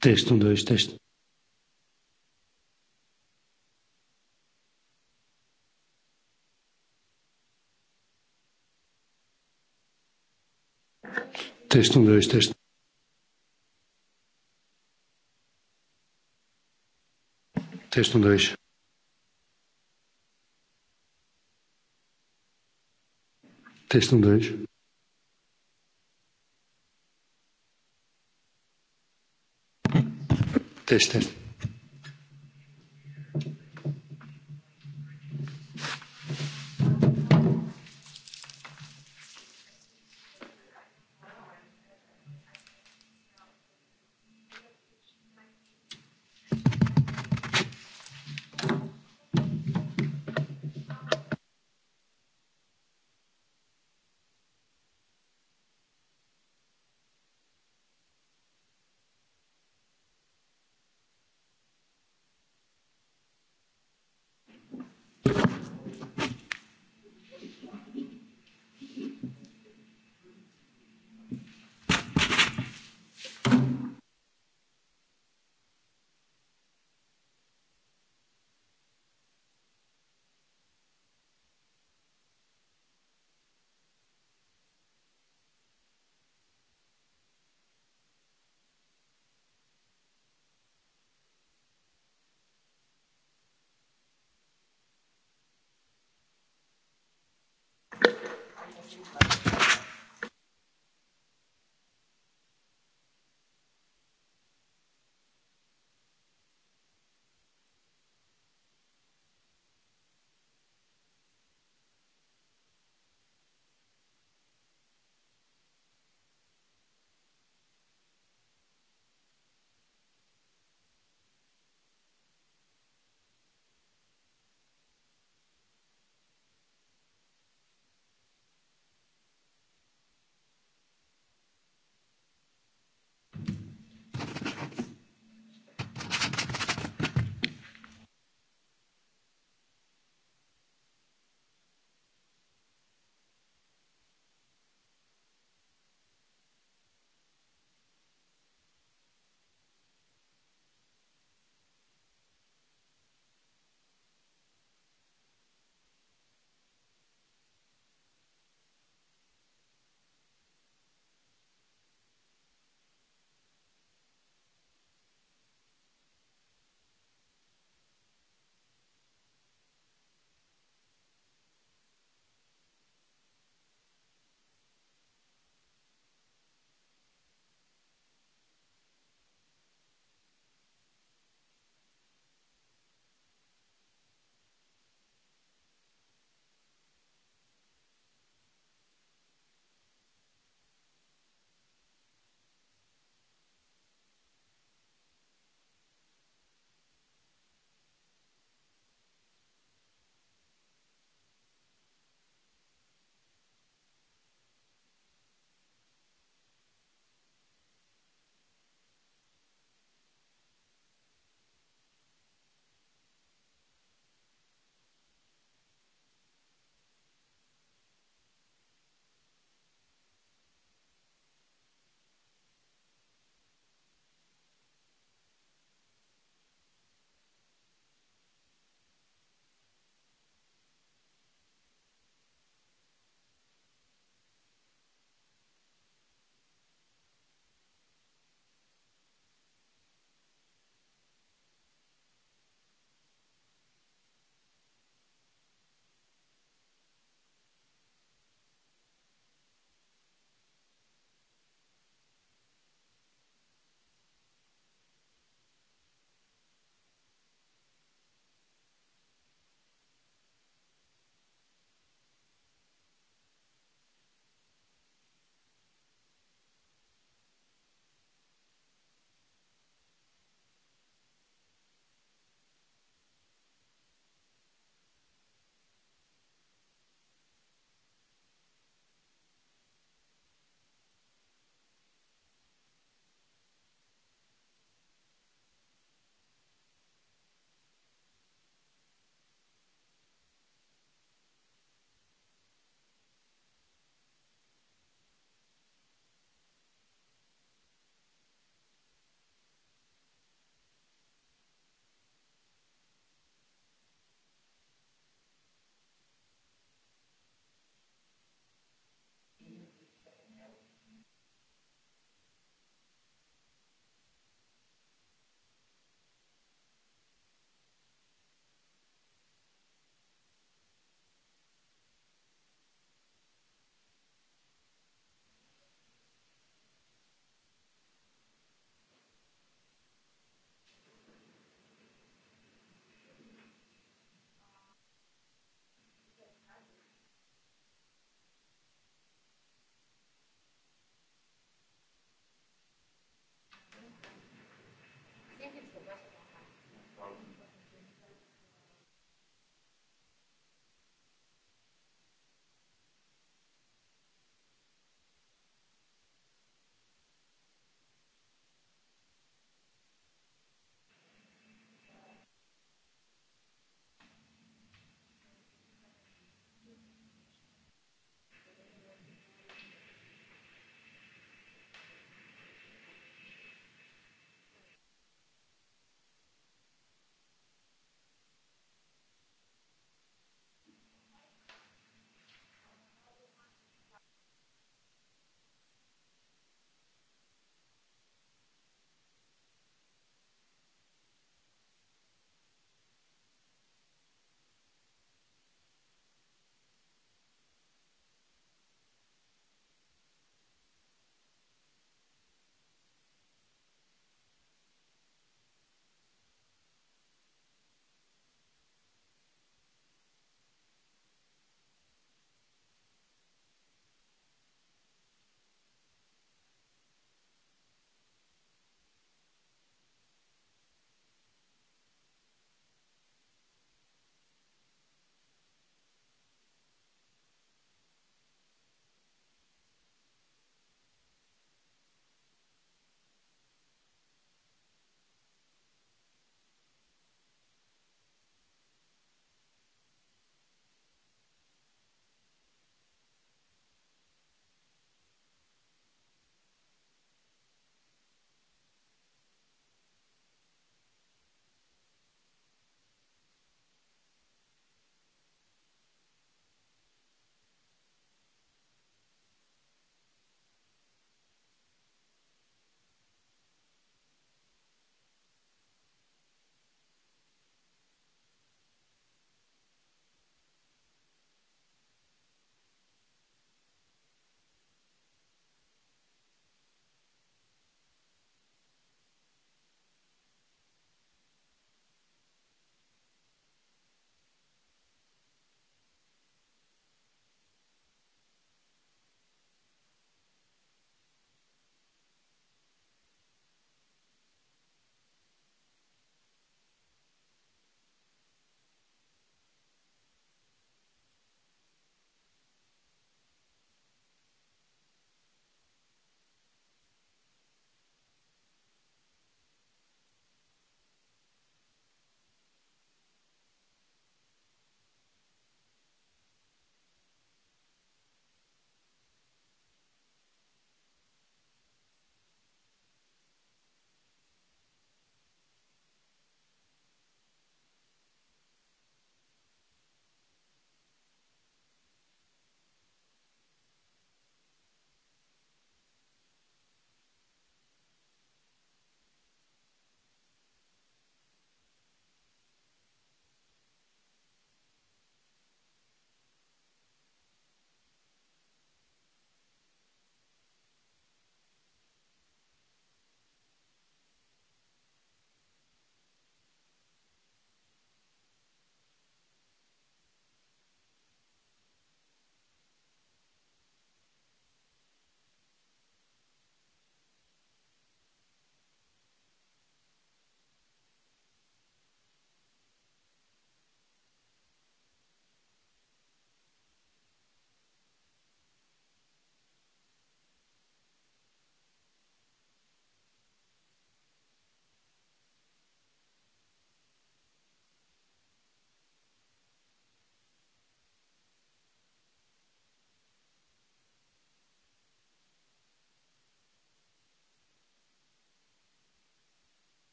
Test um, dois, Test Test um, dois, test um, dois. test um, dois. Τεστ,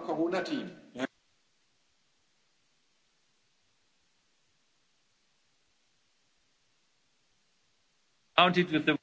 unser corona With the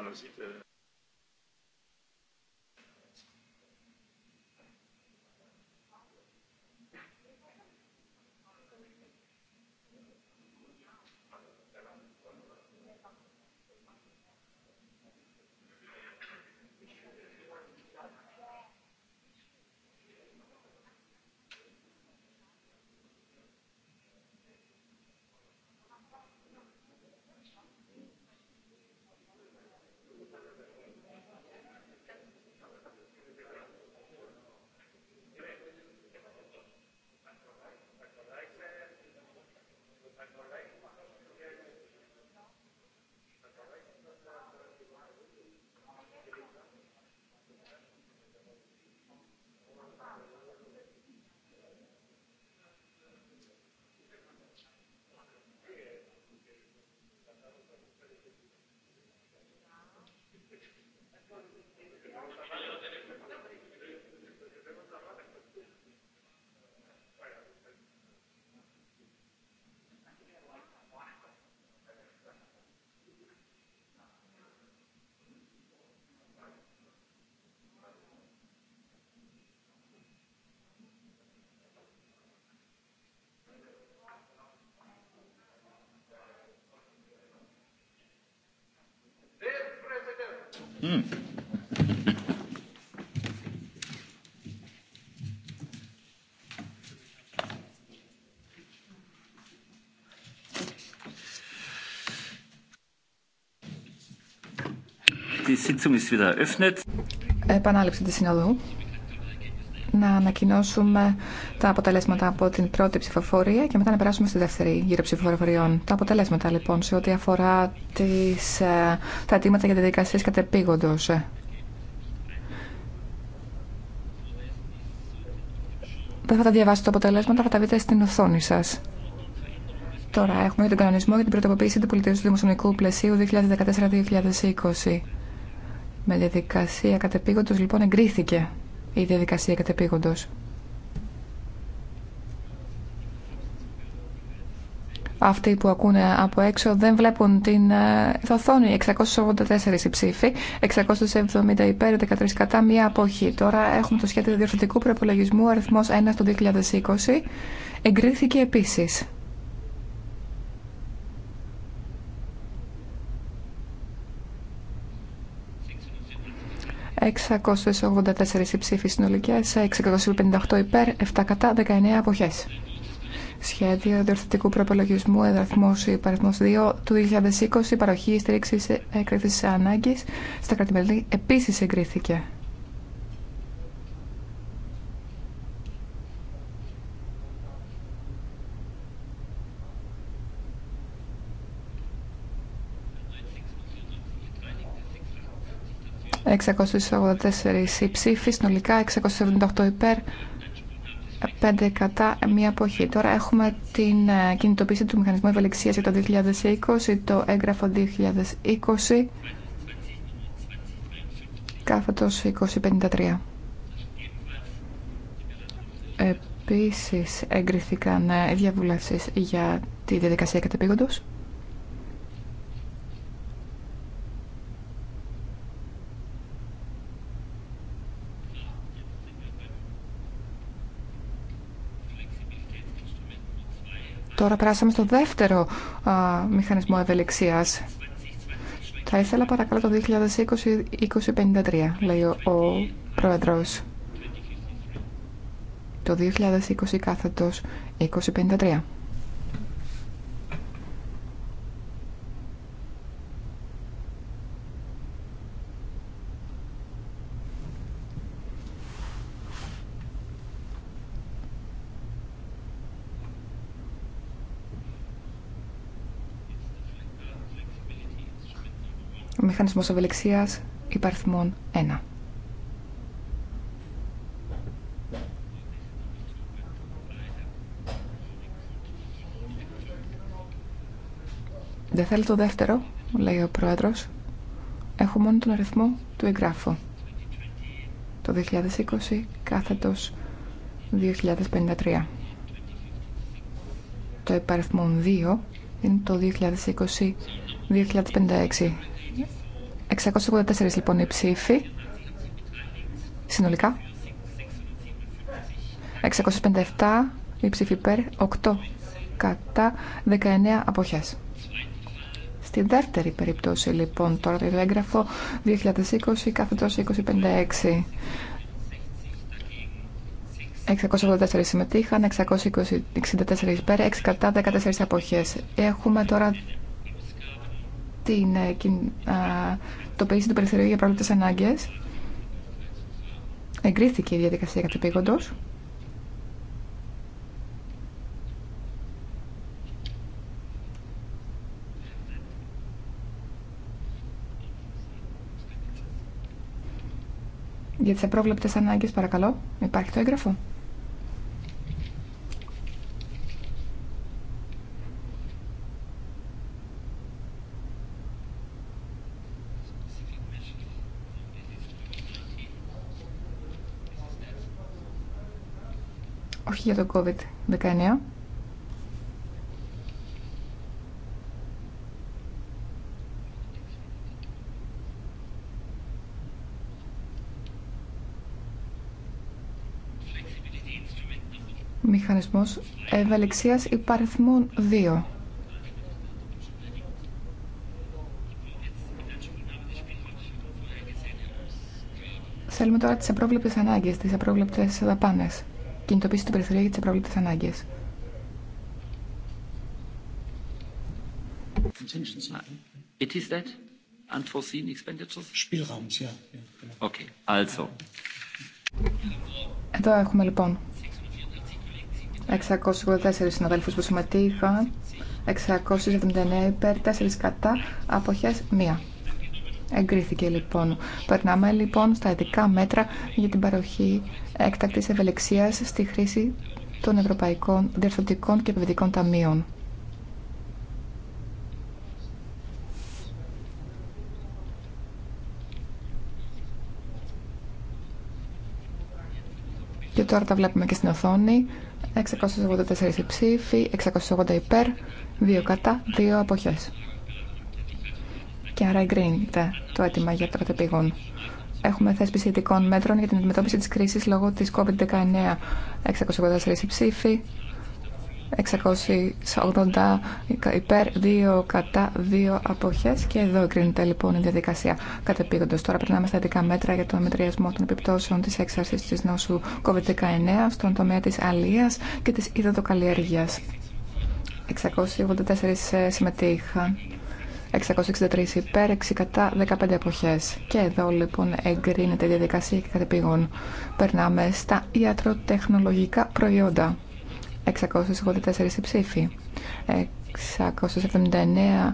Αναζήτησε Mm. Die Sitzung ist wieder eröffnet. Επανάληψη της συνόδου να ανακοινώσουμε τα αποτελέσματα από την πρώτη ψηφοφορία και μετά να περάσουμε στη δεύτερη γύρω ψηφοφοριών. Τα αποτελέσματα λοιπόν σε ό,τι αφορά τις, ε, τα αιτήματα για διαδικασίες κατεπήγοντος. Δεν θα τα διαβάσετε τα αποτελέσματα, θα τα βρείτε στην οθόνη σας. Τώρα έχουμε για τον κανονισμό για την πρωτοποίηση του πολιτικού δημοσιονομικού πλαισίου 2014-2020. Με διαδικασία κατεπήγοντος λοιπόν εγκρίθηκε η διαδικασία κατεπήγοντος. Αυτοί που ακούνε από έξω δεν βλέπουν την ε, οθόνη. 684 οι ψήφοι, 670 υπέρ, 13 κατά, μία αποχή. Τώρα έχουμε το σχέδιο διορθωτικού προπολογισμού αριθμός 1 στο 2020. Εγκρίθηκε επίσης. 684 ψήφοι συνολικέ, 658 υπέρ, 7 κατά, 19 αποχέ. Σχέδιο διορθωτικού προπολογισμού εδαφμό υπαριθμό 2 του 2020, παροχή στήριξη έκρηξη ανάγκη στα κρατημέλη επίση εγκρίθηκε. 684 οι ψήφοι, συνολικά 678 υπέρ, 5 κατά, μία αποχή. Τώρα έχουμε την ε, κινητοποίηση του Μηχανισμού Ευελιξίας για το 2020, το έγγραφο 2020, κάθετος 2053. Επίσης εγκριθήκαν ε, οι διαβουλεύσεις για τη διαδικασία κατεπήγοντος. Τώρα περάσαμε στο δεύτερο α, μηχανισμό ευελιξίας. Θα ήθελα παρακαλώ το 2020-2053, λέει ο, ο πρόεδρος. Το 2020 κάθετος 2053 λεει ο ο το 2020 καθετος 2053 μηχανισμός ευελιξίας υπαριθμών 1. Δεν θέλω το δεύτερο, λέει ο πρόεδρος. Έχω μόνο τον αριθμό του εγγράφου. Το 2020 κάθετος 2053. Το υπαριθμό 2 είναι το 2020-2056. 684 λοιπόν οι ψήφοι. Συνολικά. 657 οι ψήφοι υπέρ, 8 κατά, 19 αποχές. Στη δεύτερη περίπτωση λοιπόν τώρα το έγγραφο 2020 κάθετος 256. 684 συμμετείχαν, 664 υπέρ, 6 κατά, 14 αποχές. Έχουμε τώρα την ε, τοποίηση του περιθωρίου για προβλήτες ανάγκες. Εγκρίθηκε η διαδικασία κατεπήγοντος. Για τις απρόβλεπτες ανάγκες, παρακαλώ, υπάρχει το έγγραφο. όχι για το COVID-19. Μηχανισμός ευελιξίας υπαριθμών 2. Θέλουμε τώρα τις απρόβλεπτες ανάγκες, τις απρόβλεπτες δαπάνες κινητοποίηση στην περιφερεια για τις απροβλήτες ανάγκες. It is that unforeseen expenditures? Spielraums, yeah. Okay, also. Εδώ έχουμε λοιπόν 684 συναδέλφους που συμμετείχαν, 679 υπέρ, 4 κατά, αποχές 1. Εγκρίθηκε λοιπόν. Περνάμε λοιπόν στα ειδικά μέτρα για την παροχή έκτακτης ευελιξίας στη χρήση των Ευρωπαϊκών Διευθυντικών και Επιβεβαιτικών Ταμείων. Και τώρα τα βλέπουμε και στην οθόνη. 684 ψήφοι, 680 υπέρ, 2 κατά, 2 αποχές και άρα εγκρίνεται το αίτημα για πηγών. Έχουμε θέσπιση ειδικών μέτρων για την αντιμετώπιση της κρίσης λόγω της COVID-19. 684 ψήφοι, 680 υπέρ, 2 κατά, 2 αποχές και εδώ εγκρίνεται λοιπόν η διαδικασία κατεπήγοντος. Τώρα περνάμε στα ειδικά μέτρα για το μετριασμό των επιπτώσεων της έξαρσης της νόσου COVID-19 στον τομέα της αλίας και της υδατοκαλλιέργειας. 684 ε, συμμετείχαν. 663 υπέρ, 615 κατά, 15 εποχές. Και εδώ λοιπόν εγκρίνεται η διαδικασία και κατεπήγον. Περνάμε στα ιατροτεχνολογικά προϊόντα. 684 ψήφοι. 679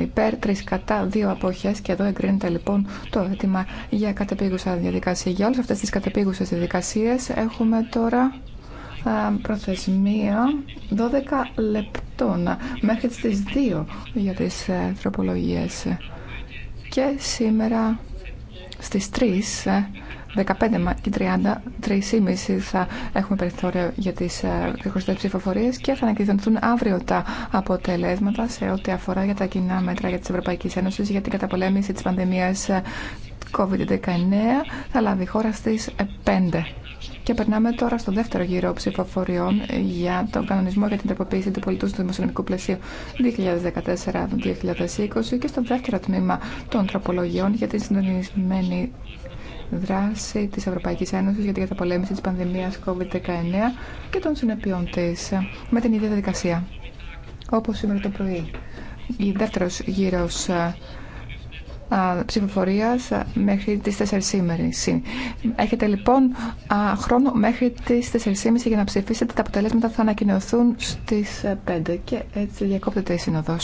υπέρ, 3 κατά, 2 αποχές και εδώ εγκρίνεται λοιπόν το αίτημα για κατεπήγουσα διαδικασία. Για όλε αυτέ τι κατεπήγουσε διαδικασίε έχουμε τώρα ε, προθεσμία 12 λεπτών μέχρι τις 2 για τις ε, τροπολογίες και σήμερα στις 3 15 ε, και 30, 3,5 θα έχουμε περιθώριο για τι διαχωριστέ ψηφοφορίε και θα ανακοινωθούν αύριο τα αποτελέσματα σε ό,τι αφορά για τα κοινά μέτρα για τις Ευρωπαϊκή Ένωση για την καταπολέμηση τη πανδημία COVID-19 θα λάβει η χώρα στι 5. Και περνάμε τώρα στο δεύτερο γύρο ψηφοφοριών για τον κανονισμό για την τροποποίηση του πολιτού του δημοσιονομικού πλαισίου 2014-2020 και στο δεύτερο τμήμα των τροπολογιών για την συντονισμένη δράση της Ευρωπαϊκής Ένωσης για την καταπολέμηση της πανδημίας COVID-19 και των συνεπειών τη με την ίδια διαδικασία. Όπως σήμερα το πρωί, η δεύτερος γύρος ψηφοφορία μέχρι τι 4.30. Έχετε λοιπόν χρόνο μέχρι τι 4.30 για να ψηφίσετε. Τα αποτελέσματα θα ανακοινωθούν στι 5 ε, και έτσι διακόπτεται η Σύνοδο.